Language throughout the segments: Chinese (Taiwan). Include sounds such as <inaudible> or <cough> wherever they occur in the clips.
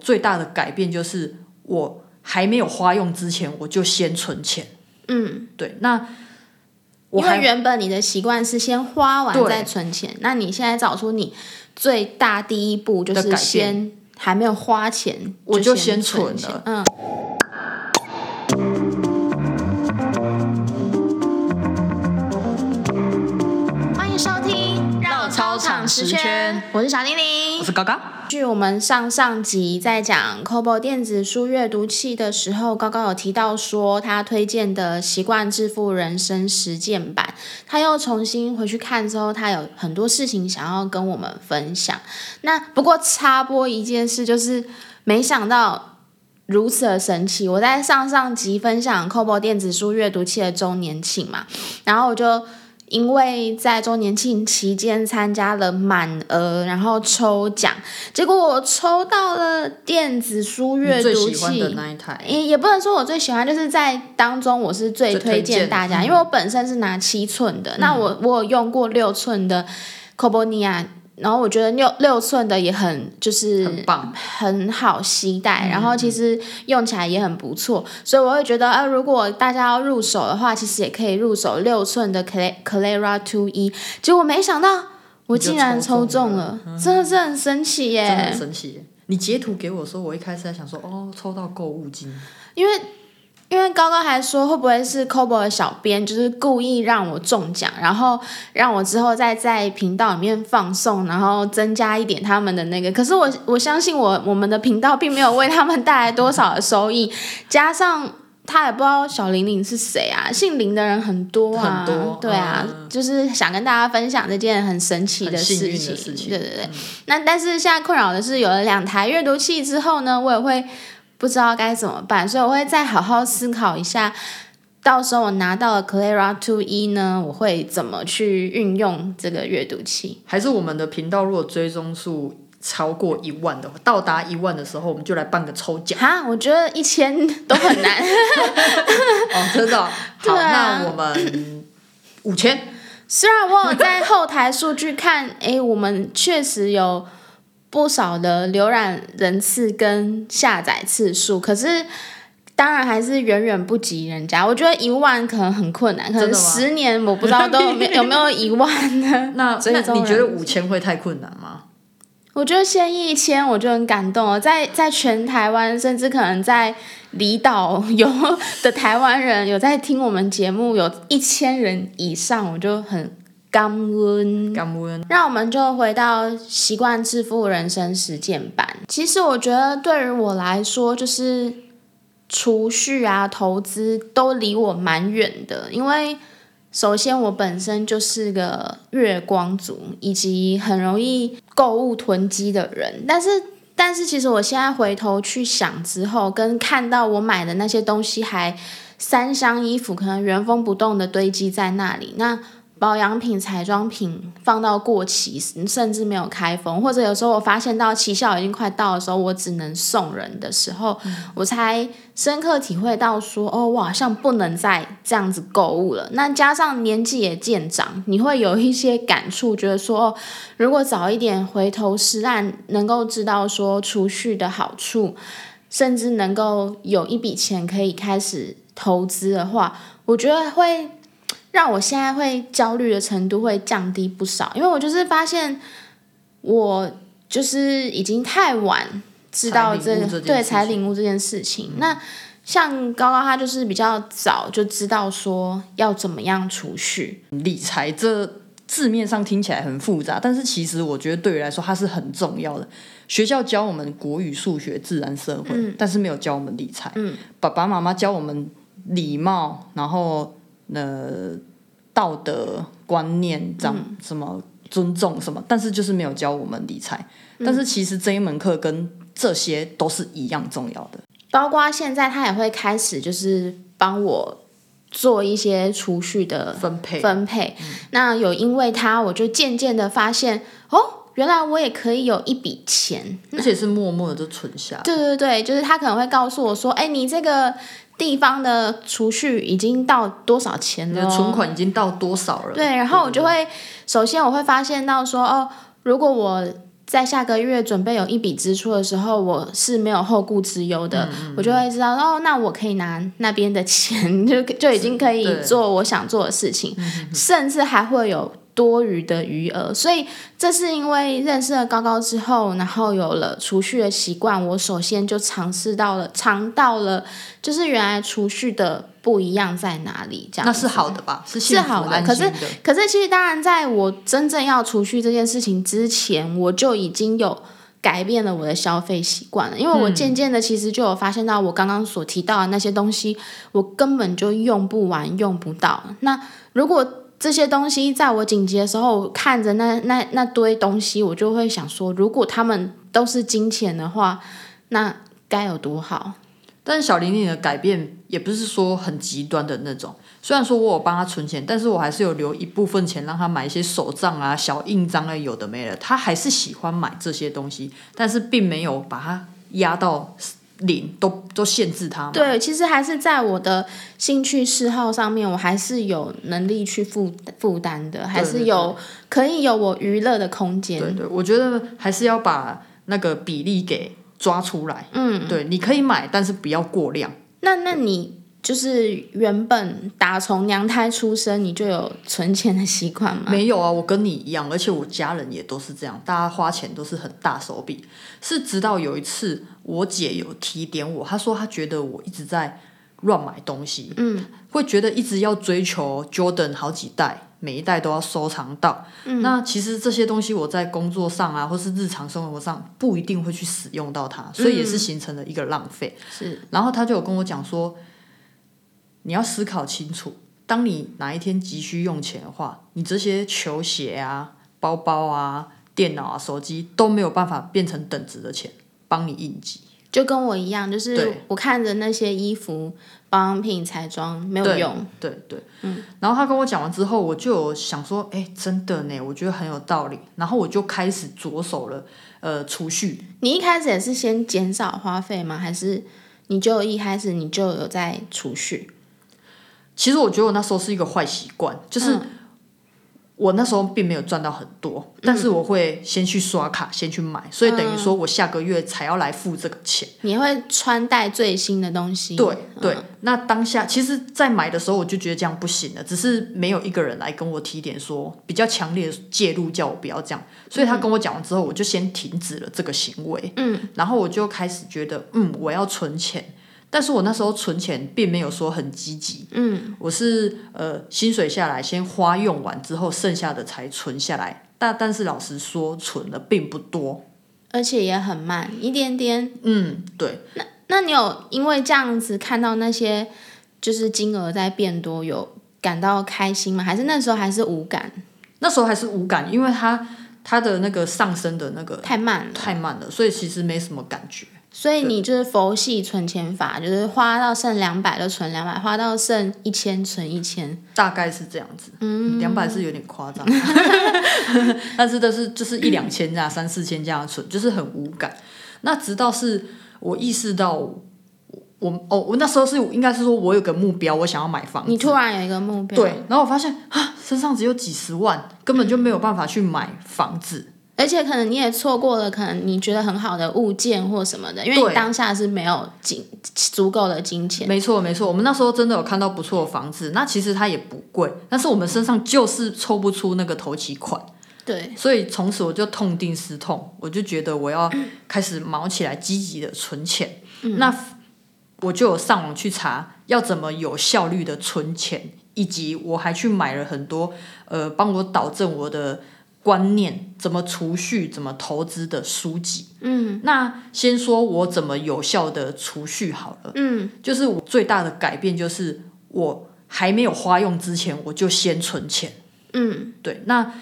最大的改變就是，我還沒有花用之前，我就先存錢。嗯，對。那我因為原本你的習慣是先花完再存錢，那你現在找出你最大第一步就是先還沒有花錢，我就先存錢，我就先存了。嗯。我是小玲玲，我是高高。據我們上上集在講 kobo 電子書閱讀器的時候，高高有提到說他推薦的《習慣致富人生實踐版》，他又重新回去看之後，他有很多事情想要跟我們分享。那不過插播一件事，就是沒想到如此的神奇。我在上上集分享 kobo 電子書閱讀器的週年慶嘛，然後我就。因為在周年慶期間參加了滿額，然後抽獎，結果我抽到了電子書閱讀器。最喜歡的那一台。也、欸、也不能說我最喜歡，就是在當中我是最推薦大家、嗯，因為我本身是拿七寸的、嗯，那我我有用過六寸的，Kobo Nia 然後我覺得六六寸的也很就是很棒，很好攜帶、嗯，然後其實用起來也很不錯，嗯、所以我會覺得啊，如果大家要入手的話，其實也可以入手六寸的 Cl Clara Two E。結果沒想到我竟然抽中了，中了嗯、真的是很神奇耶！很神奇耶，你截圖給我說，我一開始在想說哦，抽到購物金，因為。因為高高還說會不會是 Kobo 的小編就是故意讓我中獎，然後讓我之後再在頻道裡面放送，然後增加一點他們的那個。可是我我相信我我們的頻道並沒有為他們帶來多少的收益，嗯，加上他也不知道小玲玲是誰啊，姓林的人很多，啊、很多，對啊，嗯，就是想跟大家分享這件很神奇的事情，的事情對對對，嗯。那但是現在困擾的是，有了兩台閱讀器之後呢，我也會不知道該怎麼辦，所以我會再好好思考一下。到時候我拿到了 Clara 2E 呢，我會怎麼去運用這個閱讀器？還是我們的頻道如果追蹤數超過一萬的話，到達一萬的時候，我們就來辦個抽獎？哈，我覺得一千都很難。 <laughs> <laughs> <laughs> 哦，真的哦？好，對啊，那我們五千。雖然我有在後台數據看， <laughs> 誒，我們確實有。不少的瀏覽人次跟下載次數，可是當然還是遠遠不及人家。我覺得一萬可能很困難，可能十年我不知道都有沒有一萬呢？ <laughs> 那真的，那你覺得五千會太困難嗎？我覺得先一千我就很感動哦，在在全台灣，甚至可能在離島有的台灣人有在聽我們節目，有一千人以上，我就很。感恩，感恩，讓我們就回到《習慣致富人生實踐版》。其實我覺得，對於我來說，就是儲蓄啊、投資都離我蠻遠的。因為首先我本身就是個月光族，以及很容易購物囤積的人。但是，但是其實我現在回頭去想之後，跟看到我買的那些東西，還三箱衣服可能原封不動的堆積在那裡，那。保養品、彩妝品放到過期，甚至沒有開封，或者有時候我發現到期效已經快到的時候，我只能送人的時候，我才深刻體會到說，哦，哇，像不能再這樣子購物了。那加上年紀也漸長，你會有一些感觸覺得說，哦、如果早一點回頭是岸，能夠知道說儲蓄的好處，甚至能夠有一筆錢可以開始投資的話，我覺得會。讓我現在會焦慮的程度會降低不少，因為我就是發現，我就是已經太晚知道這個，對，才領悟這件事情，件事情、嗯。那像高高他就是比較早就知道說要怎麼樣儲蓄理財，這字面上聽起來很複雜，但是其實我覺得對於來說它是很重要的。學校教我們國語、數學、自然、社會、嗯，但是沒有教我們理財。嗯，爸爸媽媽教我們禮貌，然後。呃，道德觀念，這樣、嗯、什麼尊重什麼，但是就是沒有教我們理財、嗯。但是其實這一門課跟這些都是一樣重要的，包括現在他也會開始就是幫我做一些儲蓄的分配分配、嗯。那有因為他，我就漸漸的發現哦，原來我也可以有一筆錢，而且是默默的就存下。 <laughs> 對對對，就是他可能會告訴我說：“哎、欸，你這個。”地方的儲蓄已經到多少錢了？就是、存款已經到多少了？對，然後我就會，首先我會發現到說哦，如果我在下個月準備有一筆支出的時候，我是沒有後顧之憂的，嗯、我就會知道哦，那我可以拿那邊的錢就就已經可以做我想做的事情，甚至還會有。多餘的餘額，所以這是因為認識了高高之後，然後有了儲蓄的習慣，我首先就嘗試到了，嘗到了，就是原來儲蓄的不一樣在哪裡。這樣。那是好的吧？是好的，可是可是，其實當然，在我真正要儲蓄這件事情之前，我就已經有改變了我的消費習慣了，因為我漸漸的其實就有發現到，我剛剛所提到的那些東西、嗯，我根本就用不完、用不到。那如果這些東西在我緊急的時候，看着那那那堆東西，我就會想說，如果他們都是金錢的話，那該有多好。但是小玲玲的改變也不是說很極端的那種。雖然說我有幫他存錢，但是我還是有留一部分錢讓他買一些手帳啊、小印章啊，有的沒的，他還是喜歡買這些東西，但是並沒有把他壓到。都都限制他嗎？對，其實還是在我的興趣嗜好上面，我還是有能力去負負擔的，還是有對對對，可以有我娛樂的空間。對對，我覺得還是要把那個比例給抓出來。嗯，對，你可以買，但是不要過量。那那你。就是原本打從娘胎出生，你就有存錢的習慣嗎？沒有啊，我跟你一樣，而且我家人也都是這樣，大家花錢都是很大手筆。是直到有一次，我姐有提點我，她說她覺得我一直在亂買東西，嗯，會覺得一直要追求 Jordan 好幾代，每一代都要收藏到。嗯，那其實這些東西我在工作上啊，或是日常生活上，不一定會去使用到它，所以也是形成了一個浪費。嗯、是，然後她就有跟我講說。你要思考清楚，當你哪一天急需用錢的話，你這些球鞋啊、包包啊、電腦啊、手機都沒有辦法變成等值的錢幫你應急。就跟我一樣，就是我看着那些衣服、保養品、彩妝沒有用。對對，對、嗯，然後他跟我講完之後，我就有想說：“哎，真的呢，我覺得很有道理。”然後我就開始着手了，呃，儲蓄。你一開始也是先減少花費嗎？還是你就一開始你就有在儲蓄？其實我覺得我那時候是一個壞習慣，就是我那時候並沒有賺到很多，嗯，但是我會先去刷卡，嗯，先去買，所以等於說我下個月才要來付這個錢。你會穿戴最新的東西？對對，嗯，那當下其實，在買的時候我就覺得這樣不行了，只是沒有一個人來跟我提點說，比較強烈的介入叫我不要這樣。所以他跟我講完之後，我就先停止了這個行為。嗯，然後我就開始覺得，嗯，我要存錢。但是我那時候存錢並沒有說很積極，嗯，我是呃薪水下來先花用完之後，剩下的才存下來。但但是老實說，存的並不多，而且也很慢，一點點。嗯，對。那那你有因為這樣子看到那些就是金額在變多，有感到開心嗎？還是那時候還是無感？那時候還是無感，因為它它的那個上升的那個太慢了，太慢了，所以其實沒什麼感覺。所以你就是佛系存錢法，就是花到剩兩百就存兩百，200，花到剩一千存一千，大概是這樣子。嗯，兩百是有點誇張， <laughs> <laughs> <laughs> 但是都是就是、就是、一兩千這樣， <coughs> 三四千這樣的存，就是很無感。那直到是我意識到，我哦，我那時候是應該是說我有個目標，我想要買房子。你突然有一個目標，對，然後我發現啊，身上只有幾十萬，根本就沒有辦法去買房子。嗯而且可能你也錯過了，可能你覺得很好的物件或什麼的，因為你當下是沒有金足夠的金錢。沒錯沒錯，我們那時候真的有看到不錯的房子，那其實它也不貴，但是我們身上就是抽不出那個頭期款。對。所以從此我就痛定思痛，我就覺得我要開始忙起來，積極的存錢。嗯、那我就有上網去查要怎麼有效率的存錢，以及我還去買了很多呃，幫我導正我的。觀念怎麼儲蓄、怎麼投資的書籍。嗯，那先說我怎麼有效的儲蓄好了。嗯，就是我最大的改變就是我還沒有花用之前，我就先存錢。嗯，對。那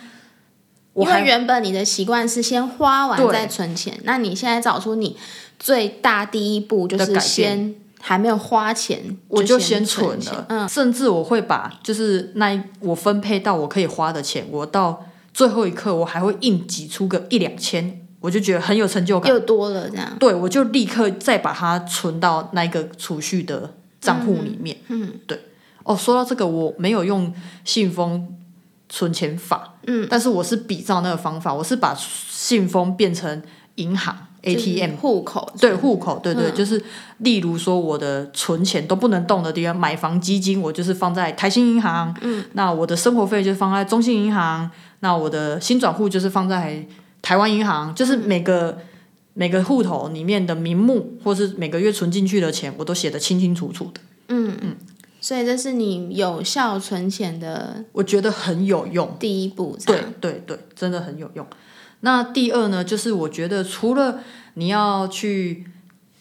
我因為原本你的習慣是先花完再存錢，那你現在找出你最大第一步就是先，改變先還沒有花錢，我錢，我就先存了。嗯，甚至我會把就是那我分配到我可以花的錢，我到。最後一刻，我還會硬擠出個一兩千，我就覺得很有成就感。又多了這樣。對，我就立刻再把它存到那個儲蓄的賬戶裡面嗯。嗯，對。哦，說到這個，我沒有用信封存錢法，嗯，但是我是比照那個方法，我是把信封變成銀行 ATM 戶、就是、口，對戶口，對對,對、嗯，就是例如說我的存錢都不能動的地方，買房基金我就是放在台新銀行，嗯，那我的生活費就放在中信銀行。那我的薪轉戶就是放在台灣銀行，就是每個、嗯、每個戶頭裡面的名目，或是每個月存進去的錢，我都寫得清清楚楚的。嗯嗯，所以這是你有效存錢的。我覺得很有用。第一步。對對對，真的很有用。那第二呢，就是我覺得除了你要去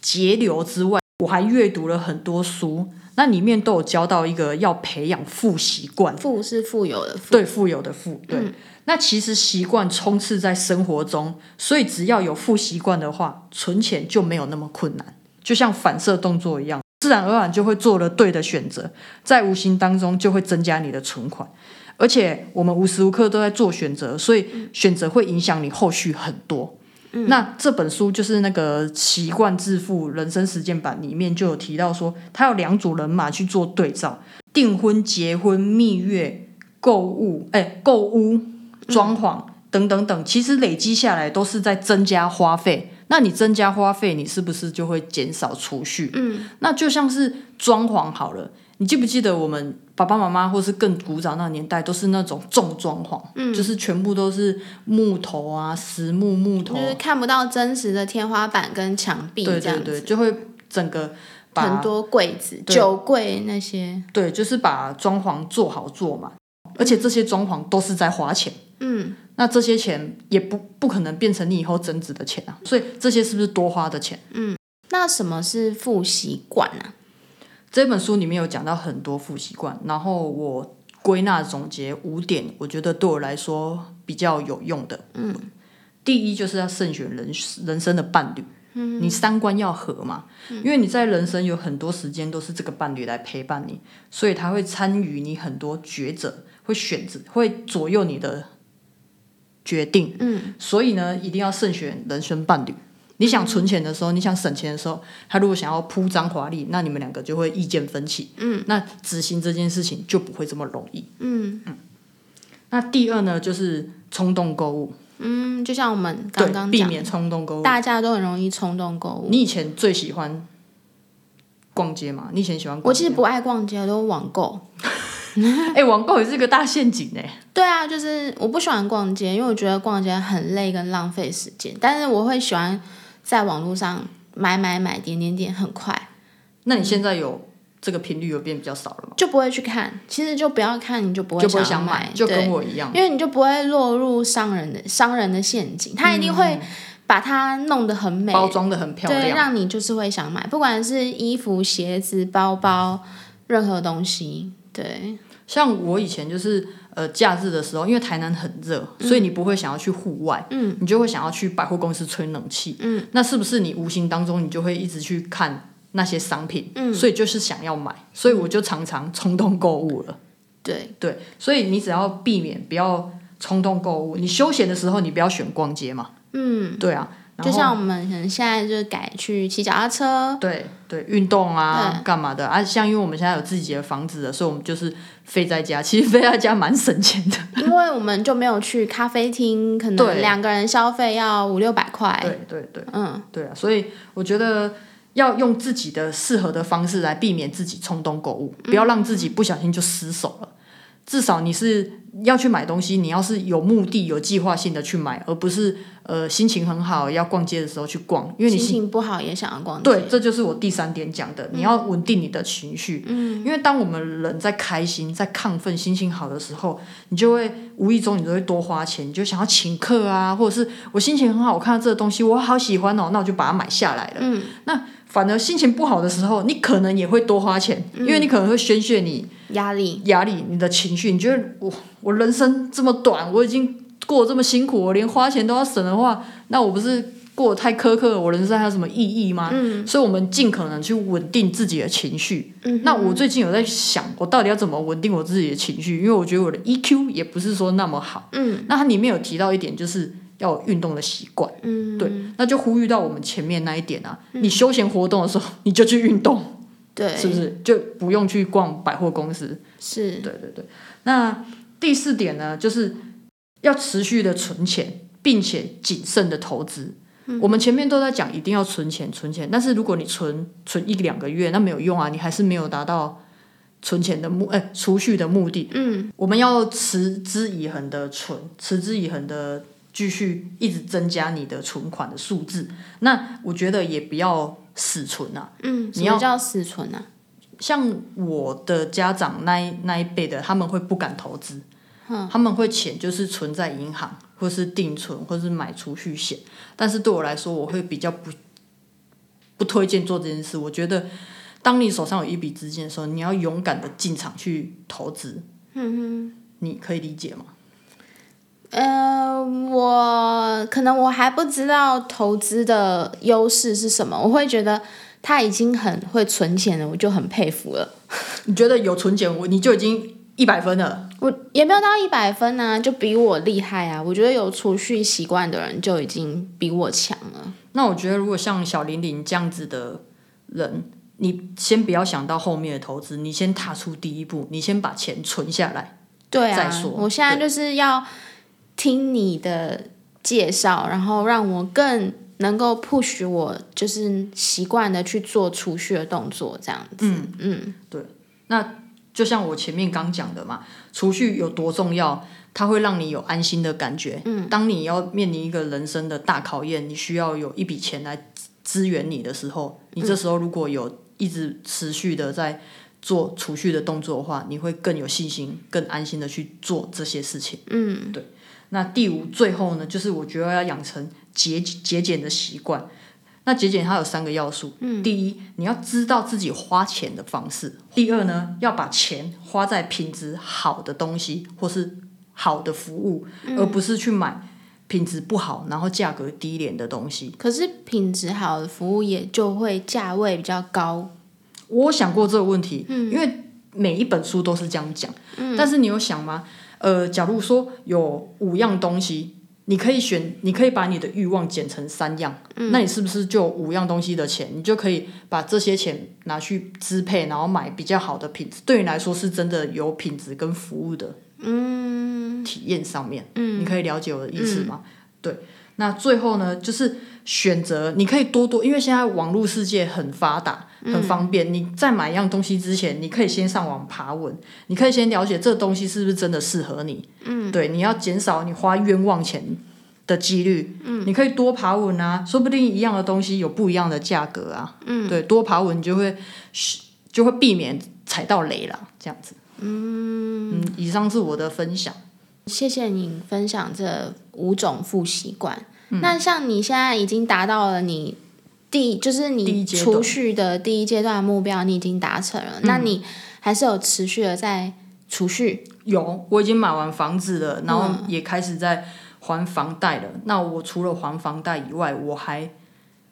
節流之外，我還閱讀了很多書。那裡面都有教到一個，要培養富習慣，富是富有的富，對，富有的富，對，嗯。那其實習慣充斥在生活中，所以只要有富習慣的話，存錢就沒有那麼困難，就像反射動作一樣，自然而然就會做了對的選擇，在無形當中就會增加你的存款。而且我們無時無刻都在做選擇，所以選擇會影響你後續很多。嗯那這本書就是那個《習慣致富：人生實踐版》裡面就有提到說，他有兩組人馬去做對照，訂婚、結婚、蜜月、購物，哎、欸，購屋、裝潢等等等，其實累積下來都是在增加花費。那你增加花費，你是不是就會減少儲蓄？嗯，那就像是裝潢好了。你記不記得我們爸爸媽媽，或是更古早的那個年代，都是那種重裝潢，嗯，就是全部都是木頭啊，實木木頭，就是看不到真實的天花板跟牆壁，對對對，就會整個很多櫃子、酒櫃那些，對，就是把裝潢做好做滿，嗯，而且這些裝潢都是在花錢，嗯，那這些錢也不不可能變成你以後增值的錢啊，所以這些是不是多花的錢？嗯，那什麼是富習慣呢、啊？這本書裡面有講到很多富習慣，然後我歸納總結五點，我覺得對我來說比較有用的。嗯，第一就是要慎選人人生的伴侶。嗯，你三觀要合嘛。嗯，因為你在人生有很多時間都是這個伴侶來陪伴你，所以他會參與你很多抉擇，會選擇會左右你的決定。嗯。所以呢，一定要慎選人生伴侶。嗯、你想存錢的時候，你想省錢的時候，他如果想要鋪張華麗，那你們兩個就會意見分歧。嗯，那執行這件事情就不會這麼容易。嗯嗯。那第二呢，就是衝動購物。嗯，就像我們剛剛避免衝動購物，大家都很容易衝動購物。你以前最喜歡逛街嗎？你以前喜歡逛街嗎？我其實不愛逛街，我都網購。哎、 <laughs> 欸，網購也是一個大陷阱嘞。 <laughs> 對啊，就是我不喜歡逛街，因為我覺得逛街很累跟浪費時間，但是我會喜歡。在網絡上買買買點點點很快，那你現在有這個頻率有變比較少了嗎？嗯？就不會去看，其實就不要看，你就不會想買，就不會想買，就跟我一樣，因為你就不會落入商人的商人的陷阱，他一定會把它弄得很美，嗯、包裝的很漂亮對，讓你就是會想買，不管是衣服、鞋子、包包，嗯、任何東西，對。像我以前就是呃假日的時候，因為台南很熱，嗯，所以你不會想要去戶外，嗯，你就會想要去百貨公司吹冷氣，嗯，那是不是你無形當中你就會一直去看那些商品，嗯，所以就是想要買，所以我就常常衝動購物了，嗯、對對，所以你只要避免不要衝動購物，嗯，你休閒的時候你不要選逛街嘛，嗯，對啊，然後就像我們可能現在就改去騎腳踏車，對對，運動啊幹嘛的，啊，像因為我們現在有自己的房子了，所以我們就是。廢在家，其實廢在家蠻省錢的，因為我們就沒有去咖啡廳，可能兩個人消費要五六百塊。對對對，嗯，對啊，所以我覺得要用自己的適合的方式來避免自己衝動購物，不要讓自己不小心就失手了。嗯至少你是要去買東西，你要是有目的、有計劃性的去買，而不是呃心情很好要逛街的時候去逛，因為你心，心情不好也想要逛街。對，這就是我第三點講的，你要穩定你的情緒。嗯，因為當我們人在開心、在亢奮、心情好的時候，你就會無意中你就會多花錢，你就想要請客啊，或者是我心情很好，我看到這個東西我好喜歡哦，那我就把它買下來了。嗯，那。反而心情不好的時候，嗯、你可能也會多花錢，嗯、因為你可能會宣泄你壓力、壓力、你的情緒。你覺得我我人生這麼短，我已經過這麼辛苦，我連花錢都要省的話，那我不是過得太苛刻了？我人生還有什麼意義嗎？嗯、所以，我們盡可能去穩定自己的情緒、嗯。那我最近有在想，我到底要怎麼穩定我自己的情緒？因為我覺得我的 EQ 也不是說那麼好。嗯，那它裡面有提到一點，就是。要有運動的習慣，嗯，對，那就呼籲到我們前面那一點啊，嗯、你休閒活動的時候，你就去運動，對，是不是就不用去逛百貨公司？是，對對對。那第四點呢，就是要持續的存錢，並且謹慎的投資、嗯。我們前面都在講一定要存錢，存錢，但是如果你存存一兩個月，那沒有用啊，你還是沒有達到存錢的目，哎、欸，儲蓄的目的。嗯，我們要持之以恆的存，持之以恆的。繼續一直增加你的存款的數字，那我覺得也不要死存啊。嗯，你要，什麼叫死存啊？像我的家長那一那一輩的，他們會不敢投資，嗯，他們會錢就是存在銀行，或是定存，或是買儲蓄險。但是對我來說，我會比較不不推薦做這件事。我覺得，當你手上有一筆資金的時候，你要勇敢的進場去投資。嗯哼，你可以理解嗎？呃，我可能我還不知道投資的優勢是什麼，我會覺得他已經很會存錢了，我就很佩服了。你覺得有存錢，我你就已經一百分了？我也沒有到一百分呢啊，就比我厲害啊！我覺得有儲蓄習慣的人就已經比我強了。那我覺得，如果像小玲玲這樣子的人，你先不要想到後面的投資，你先踏出第一步，你先把錢存下來，對啊，再說。我現在就是要。聽你的介紹，然後讓我更能夠 push 我，就是習慣的去做儲蓄的動作，這樣子。嗯嗯，對。那就像我前面剛講的嘛，儲蓄有多重要？它會讓你有安心的感覺。嗯。當你要面臨一個人生的大考驗，你需要有一筆錢來支援你的時候，你這時候如果有一直持續的在做儲蓄的動作的話，你會更有信心，更安心的去做這些事情。嗯，對。那第五，最後呢，就是我覺得要養成節節儉的習慣。那節儉它有三個要素。嗯，第一，你要知道自己花錢的方式；第二呢，嗯，要把錢花在品質好的東西或是好的服務，嗯，而不是去買品質不好然後價格低廉的東西。可是品質好的服務也就會價位比較高。我想過這個問題，嗯，因為每一本書都是這樣講，嗯，但是你有想嗎？呃，假如說有五樣東西，你可以選，你可以把你的欲望減成三樣，嗯，那你是不是就五樣東西的錢，你就可以把這些錢拿去支配，然後買比較好的品質？對你來說是真的有品質跟服務的，嗯，體驗上面，嗯，你可以了解我的意思嗎？嗯嗯、對。那最後呢，就是選擇，你可以多多，因為現在網絡世界很發達，很方便，嗯。你在買一樣東西之前，你可以先上網爬文，你可以先了解這東西是不是真的適合你，嗯。對，你要減少你花冤枉錢的幾率，嗯。你可以多爬文啊，說不定一樣的東西有不一樣的價格啊，嗯。對，多爬文就會就會避免踩到雷了，這樣子，嗯。嗯，以上是我的分享。謝謝你分享這五種富習慣，嗯。那像你現在已經達到了你第，就是你儲蓄的第一階段目標，你已經達成了，嗯。那你還是有持續的在儲蓄？有，我已經買完房子了，然後也開始在還房貸了。嗯，那我除了還房貸以外，我還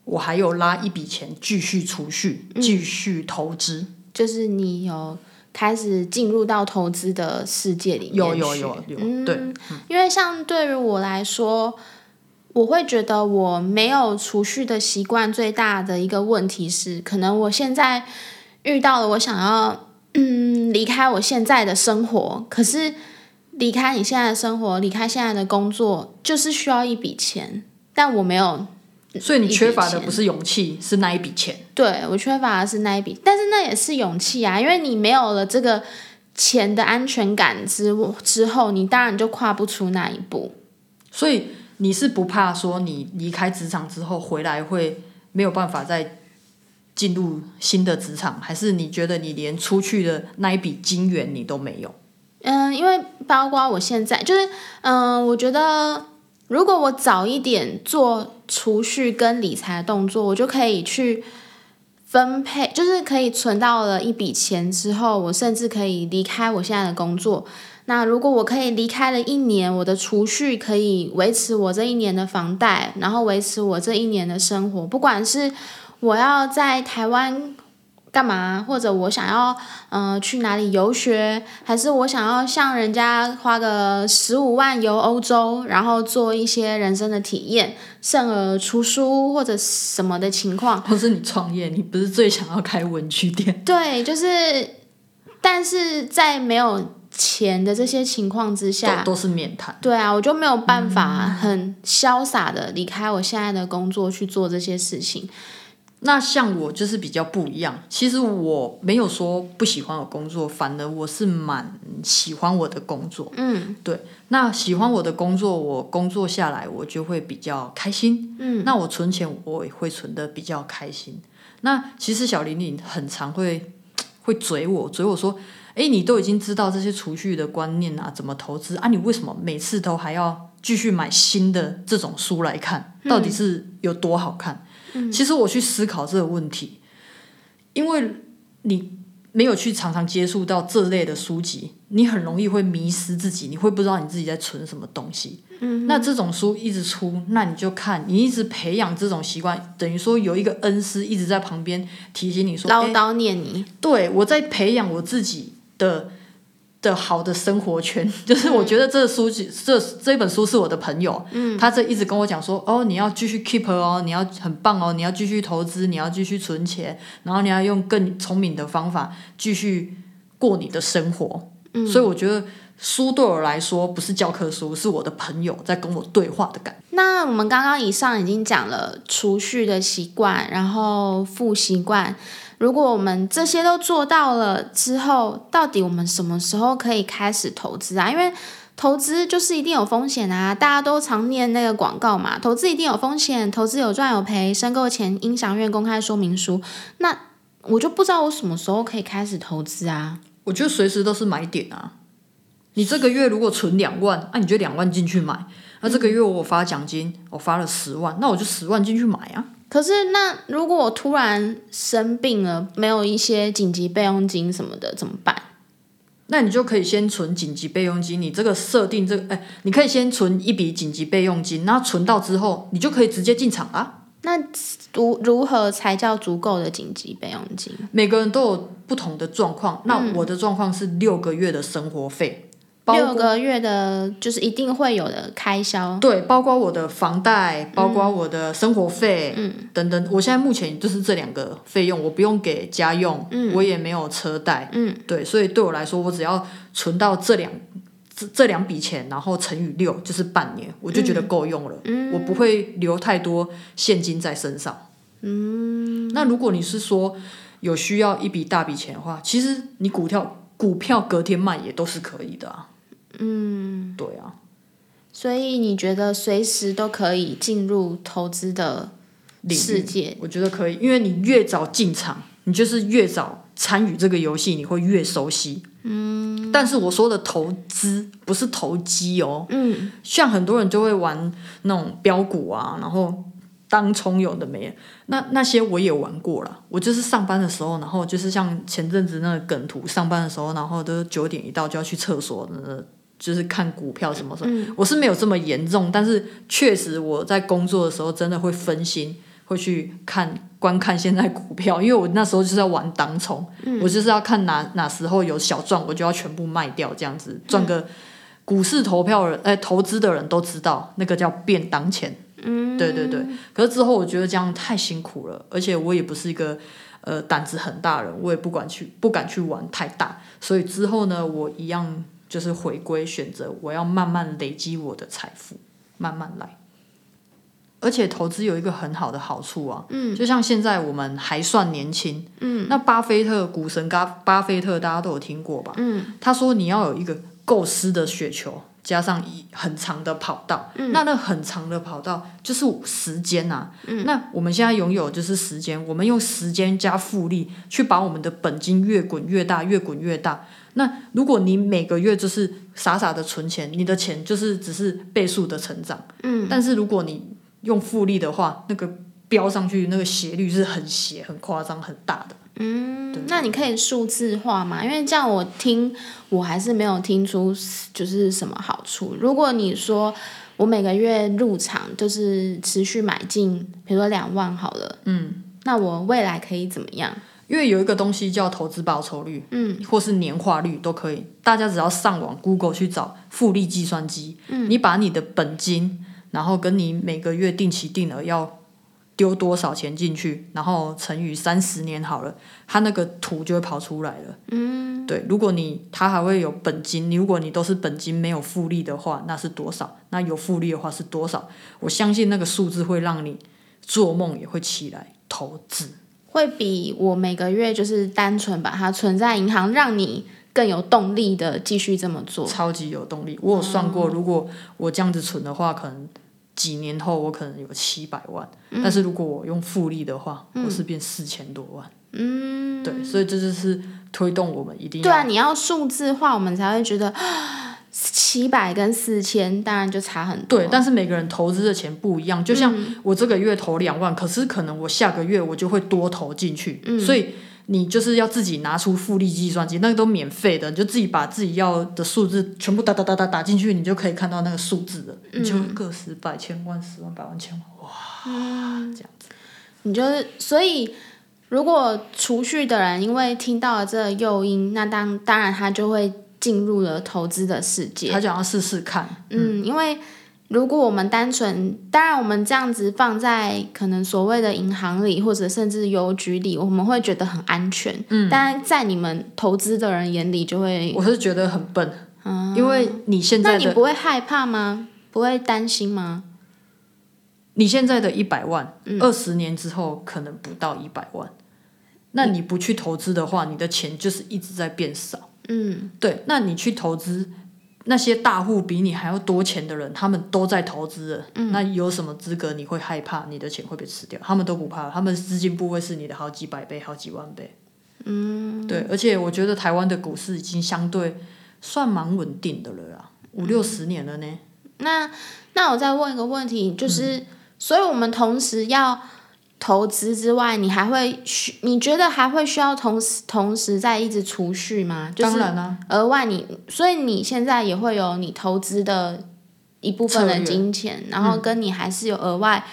我還有拉一筆錢繼續儲蓄，嗯、繼續投資。就是你有。開始進入到投資的世界裡面有，有，有，有，有。嗯，對，因為像對於我來說，我會覺得我沒有儲蓄的習慣，最大的一個問題是，可能我現在遇到了我想要嗯，離開我現在的生活，可是離開你現在的生活，離開現在的工作，就是需要一筆錢，但我沒有。所以你缺乏的不是勇氣，是那一筆錢。對，我缺乏的是那一筆，但是那也是勇氣啊！因為你沒有了這個錢的安全感之之後，你當然就跨不出那一步。所以你是不怕說你離開職場之後回來會沒有辦法再進入新的職場，還是你覺得你連出去的那一筆金元你都沒有？嗯，因為包括我現在，就是，嗯，我覺得如果我早一點做。儲蓄跟理財的動作，我就可以去分配，就是可以存到了一筆錢之後，我甚至可以離開我現在的工作。那如果我可以離開了一年，我的儲蓄可以維持我這一年的房貸，然後維持我這一年的生活，不管是我要在台灣。幹嘛？或者我想要嗯、呃、去哪裡遊學？還是我想要像人家花個十五萬遊歐洲，然後做一些人生的體驗，甚而出書或者什麼的情況？或是你創業，你不是最想要開文具店？對，就是，但是在沒有錢的這些情況之下，都，都是免談。對啊，我就沒有辦法很瀟灑的離開我現在的工作去做這些事情。那像我就是比較不一樣，其實我沒有說不喜歡我工作，反而我是蠻喜歡我的工作。嗯，對。那喜歡我的工作，我工作下來我就會比較開心。嗯，那我存錢我也會存得比較開心。那其實小玲玲很常會會嘴我，嘴我說：“哎、欸，你都已經知道這些儲蓄的觀念啊，怎麼投資啊？你為什麼每次都還要繼續買新的這種書來看？到底是有多好看？”嗯其實我去思考這個問題，因為你沒有去常常接觸到這類的書籍，你很容易會迷失自己，你會不知道你自己在存什麼東西。嗯，那這種書一直出，那你就看，你一直培養這種習慣，等於說有一個恩師一直在旁邊提醒你說，嘮叨念你。對，我在培養我自己的。的好的生活圈，就是我覺得這書、嗯、這這本書是我的朋友、嗯，他這一直跟我講說，哦，你要繼續 keep 哦，你要很棒哦，你要繼續投資，你要繼續存錢，然後你要用更聰明的方法繼續過你的生活。嗯、所以我覺得書對我來說不是教科書，是我的朋友在跟我對話的感覺。那我們剛剛以上已經講了儲蓄的習慣，然後富習慣。如果我們這些都做到了之後，到底我們什麼時候可以開始投資啊？因為投資就是一定有風險啊，大家都常念那個廣告嘛，投資一定有風險，投資有賺有賠，申購前應詳閱公開說明書。那我就不知道我什麼時候可以開始投資啊？我覺得隨時都是買點啊。你這個月如果存兩萬，那、啊、你就兩萬進去買；那、啊、這個月我發獎金，我發了十萬，那我就十萬進去買啊。可是，那如果我突然生病了，沒有一些緊急備用金什麼的，怎麼辦？那你就可以先存緊急備用金。你這個設定、這個，這哎，你可以先存一筆緊急備用金。那存到之後，你就可以直接進場啊。那如如何才叫足夠的緊急備用金？每個人都有不同的狀況。那我的狀況是六個月的生活費。嗯六個月的，就是一定會有的開銷，對，包括我的房貸，包括我的生活費，嗯，等等。我現在目前就是這兩個費用，我不用給家用，嗯，我也沒有車貸，嗯，對，所以對我來說，我只要存到這兩這這兩筆錢，然後乘以六，就是半年，我就覺得夠用了，嗯，我不會留太多現金在身上，嗯。那如果你是說有需要一筆大筆錢的話，其實你股票股票隔天賣也都是可以的啊。嗯，對啊，所以你覺得隨時都可以進入投資的世界？我覺得可以，因為你越早進場，你就是越早參與這個遊戲，你會越熟悉。嗯，但是我說的投資不是投機哦。嗯，像很多人就會玩那種飆股啊，然後當沖有的沒，那那些我也玩過了。我就是上班的時候，然後就是像前陣子那個梗圖，上班的時候，然後都九點一到就要去廁所。那個就是看股票什麼什麼。我是沒有這麼嚴重，但是確實我在工作的時候真的會分心，會去看觀看現在股票，因為我那時候就是要玩當沖，嗯、我就是要看哪哪時候有小賺，我就要全部賣掉，這樣子賺個、嗯、股市投票人哎，投資的人都知道那個叫便當錢、嗯，對對對。可是之後我覺得這樣太辛苦了，而且我也不是一個呃膽子很大的人，我也不敢去不敢去玩太大，所以之後呢，我一樣。就是回歸選擇，我要慢慢累積我的財富，慢慢來。而且投資有一個很好的好處啊，嗯，就像現在我們還算年輕，嗯，那巴菲特股神，巴菲特大家都有聽過吧，嗯，他說你要有一個夠濕的雪球，加上一很長的跑道，嗯，那那很長的跑道就是時間吶、啊，嗯，那我們現在擁有就是時間，我們用時間加複利去把我們的本金越滾越大，越滾越大。那如果你每個月就是傻傻的存錢，你的錢就是只是倍數的成長。嗯。但是如果你用複利的話，那個飆上去，那個斜率是很斜、很誇張、很大的。嗯，那你可以數字化嗎？因為這樣我聽我還是沒有聽出就是什麼好處。如果你說我每個月入場就是持續買進，比如說兩萬好了，嗯，那我未來可以怎麼樣？因為有一個東西叫投資報酬率，嗯，或是年化率都可以。大家只要上網 Google 去找複利計算機，嗯，你把你的本金，然後跟你每個月定期定額要丟多少錢進去，然後乘以三十年好了，它那個圖就會跑出來了。嗯，對，如果你它還會有本金，你如果你都是本金沒有複利的話，那是多少？那有複利的話是多少？我相信那個數字會讓你做夢也會起來投資。會比我每個月就是單純把它存在銀行，讓你更有動力的繼續這麼做。超級有動力！我有算過，嗯、如果我這樣子存的話，可能幾年後我可能有個七百萬，嗯、但是如果我用複利的話、嗯，我是變四千多萬。嗯，對，所以這就是推動我們一定要。對啊，你要數字化，我們才會覺得。七百跟四千，當然就差很多。對，但是每個人投資的錢不一樣。就像我這個月投兩萬、嗯，可是可能我下個月我就會多投進去。嗯。所以你就是要自己拿出複利計算機，那個都免費的，你就自己把自己要的數字全部打打打打打進去，你就可以看到那個數字了，嗯、你就個十百千萬十萬百萬千萬，哇、嗯，這樣子。你就是，所以如果儲蓄的人因為聽到了這個誘因，那當然當然他就會。進入了投資的世界，他想要試試看。嗯，因為如果我們單純，當然我們這樣子放在可能所謂的銀行裡或者甚至郵局裡，我們會覺得很安全。嗯，但在你們投資的人眼裡，就會我是覺得很笨。啊，因為你現在的，那你不會害怕嗎？不會擔心嗎？你現在的一百萬，嗯，二十年之後可能不到一百萬。那你不去投資的話，你的錢就是一直在變少。嗯，對，那你去投資那些大戶比你還要多錢的人，他們都在投資了，嗯，那有什麼資格你會害怕你的錢會被吃掉？他們都不怕，他們資金不會是你的好幾百倍、好幾萬倍。嗯，對，而且我覺得台灣的股市已經相對算蠻穩定的了啦，五六十年了呢。那那我再問一個問題，就是，嗯，所以我們同時要。投資之外，你還會需，你覺得還會需要同時同時再一直儲蓄嗎？當然啦。就是、額外，你，所以你現在也會有你投資的一部分的金錢，然後跟你還是有額外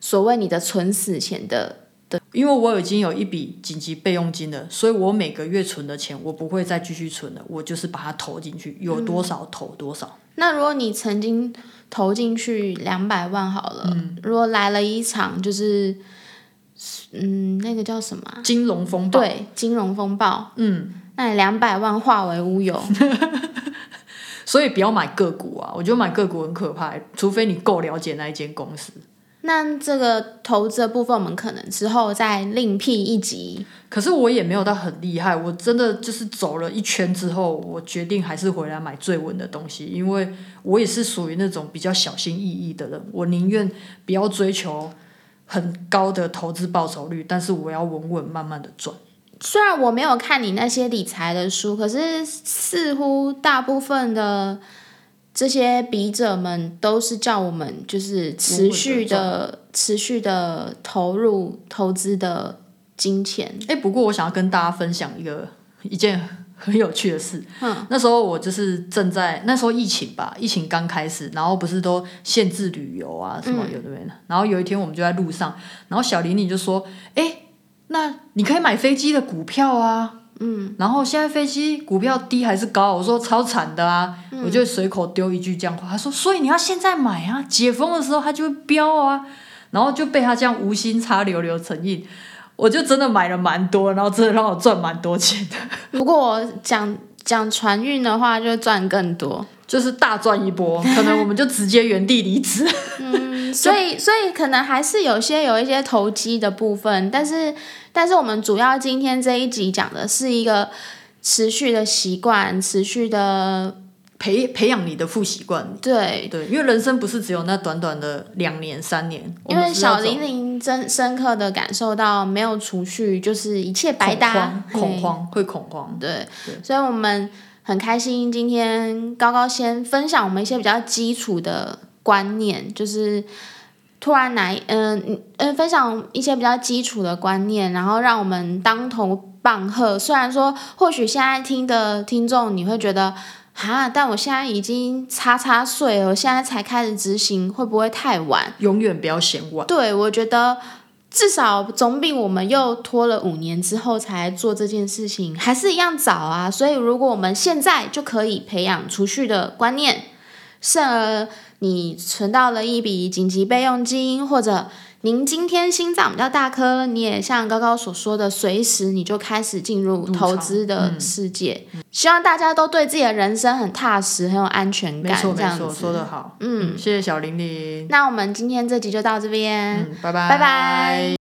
所謂你的存死錢的、嗯、的。因為我已經有一筆緊急備用金了，所以我每個月存的錢我不會再繼續存了，我就是把它投進去，有多少投多少。嗯、那如果你曾經投進去兩百萬好了、嗯，如果來了一場就是。嗯，那個叫什麼啊？金融風暴。對，金融風暴。嗯，那兩百萬化為烏有。 <laughs> 所以不要買個股啊！我覺得買個股很可怕欸，除非你夠了解那一間公司。那這個投資的部分，我們可能之後再另闢一集。可是我也沒有到很厲害，我真的就是走了一圈之後，我決定還是回來買最穩的東西，因為我也是屬於那種比較小心翼翼的人，我寧願不要追求。很高的投資報酬率，但是我要穩穩慢慢的賺。雖然我沒有看你那些理財的書，可是似乎大部分的這些筆者們都是叫我們就是持續的、穩穩的持續的投入投資的金錢。哎、欸，不過我想要跟大家分享一個一件很有趣的事、嗯，那時候我就是正在那時候疫情吧，疫情剛開始，然後不是都限制旅遊啊、嗯、什麼有的沒的，然後有一天我們就在路上，然後小林林就說：“哎、欸，那你可以買飛機的股票啊。”嗯，然後現在飛機股票低還是高？我說超慘的啊，嗯、我就隨口丟一句這樣話，他說：“所以你要現在買啊，解封的時候它就會飆啊。”然後就被他這樣無心插柳柳成蔭。我就真的買了蠻多，然後真的讓我賺蠻多錢的。不過我講講船運的話，就賺更多，就是大賺一波， <laughs> 可能我們就直接原地離職。嗯，所以所以可能還是有些有一些投機的部分，但是但是我們主要今天這一集講的是一個持續的習慣，持續的。培培養你的富習慣，對對，因為人生不是只有那短短的兩年三年。因為小玲玲真深刻的感受到，沒有儲蓄就是一切白搭，恐慌，恐慌會恐慌對。對，所以我們很開心，今天高高先分享我們一些比較基礎的觀念，就是突然來嗯嗯、呃呃呃、分享一些比較基礎的觀念，然後讓我們當頭棒喝。雖然說，或許現在聽的聽眾你會覺得。啊！但我現在已經叉叉歲了，我現在才開始執行，會不會太晚？永遠不要嫌晚。對，我覺得至少總比我們又拖了五年之後才做這件事情還是一樣早啊！所以，如果我們現在就可以培養儲蓄的觀念，甚而你存到了一筆緊急備用金或者。您今天心臟比較大顆，你也像高高所說的，隨時你就開始進入投資的世界，嗯。希望大家都對自己的人生很踏實，很有安全感。這樣子沒錯，說得好。嗯。嗯，謝謝小玲玲。那我們今天這集就到這邊，嗯，拜拜拜拜。